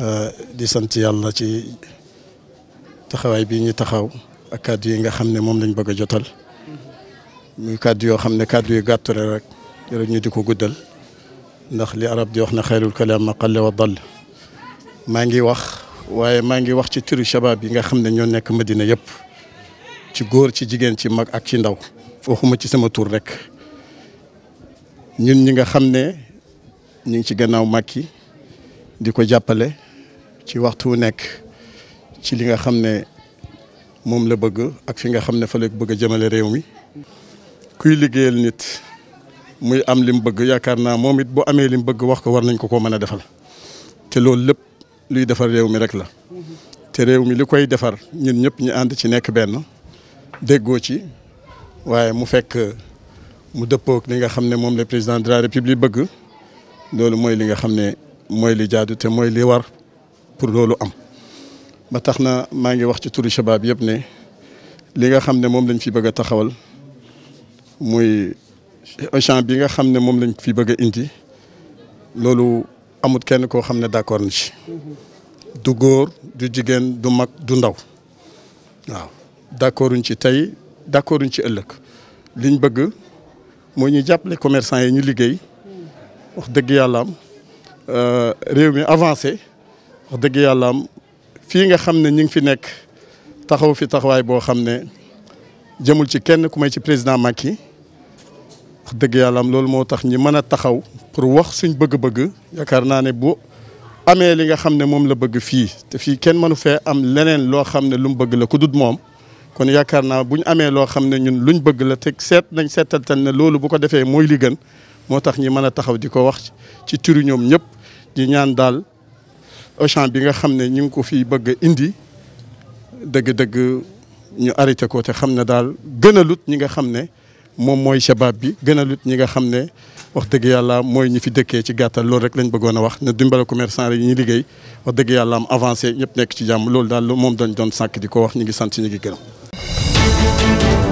Euh, di sant yàlla ci taxawaay bii ñu taxaw ak kàddu yi nga xam ne moom lañ bëgg a jotal muy kàddu yoo xam ne kàddu yu gàtt rek rek ñu di ko guddal ndax li arab di wax na xayrul kalaam ma qalla wa dall maa ngi wax waaye maa ngi wax ci tiru shabab yi nga xam ne ñoo nekk Madina yëpp ci góor ci jigéen ci mag ak ci ndaw waxuma ci sama tur rek ñun ñi nga xam ne ñu ngi ci gannaaw Macky di ko jàppale ci waxtu nekk ci li nga xam ne moom la bëgg ak fi nga xam ne fa la bëgg a jëmale réew mi kuy liggéeyal nit muy am li mu bëgg yaakaar naa moom it bu amee lim bëgg wax ko war nañ ko koo mën a defal te loolu lépp luy defar réew mi rek la te réew mi li koy defar ñun ñëpp ñu ànd ci nekk benn déggoo ci waaye mu fekk mu dëppook li nga xam ne moom la président de la république bëgg loolu mooy li nga xam ne mooy li jaadu te mooy li war pour loolu am ba tax na maa ngi wax ci turu shabab yëpp ne li nga xam ne moom lañ fi bëgg a taxawal muy Auchan bi nga xam ne moom lañ fi bëgg a indi loolu amut kenn koo xam ne d'accord na ci du góor du jigéen du mag du ndaw waaw d'accorduñ ci tey d'accorduñ ci ëllëg liñ bëgg mooy ñu jàppale commerçant yi ñu liggéey wax dëgg yàlla euh, réew mi avancé wax yàlla am fii nga xam ne ñu ngi fi nekk taxaw fi taxawaay boo xam ne jëmul ci kenn ku may ci président Macky wax dëgg yàlla am loolu moo tax ñi mën a taxaw pour wax suñ bëgg-bëgg yaakaar naa ne bu amee li nga xam ne moom la bëgg fii te fii kenn mënu fee am leneen loo xam ne lu mu bëgg la ku dut moom kon yaakaar naa bu ñu amee loo xam ne ñun luñ bëgg la teg seet nañ seetantal ne loolu bu ko defee mooy li gën moo tax ñi mën a taxaw di ko wax ci turu ñoom ñëpp di ñaan daal Auchan bi nga xam ne ñu ngi ko fii bëgg indi dëgg-dëgg ñu arrêté ko te xam ne daal gën lut ñi nga xam ne moom mooy shabab bi gën a lut ñi nga xam ne wax dëgg yàlla mooy ñi fi dëkkee ci gàttal loolu rek lañ bëggoona wax ne dimbale commerçant rek ñu liggéey wax dëgg yàlla am avancé ñëpp nekk ci jàmm loolu daal moom dañ doon sàkk di ko wax ñu ngi sant ñu ngi gërëm.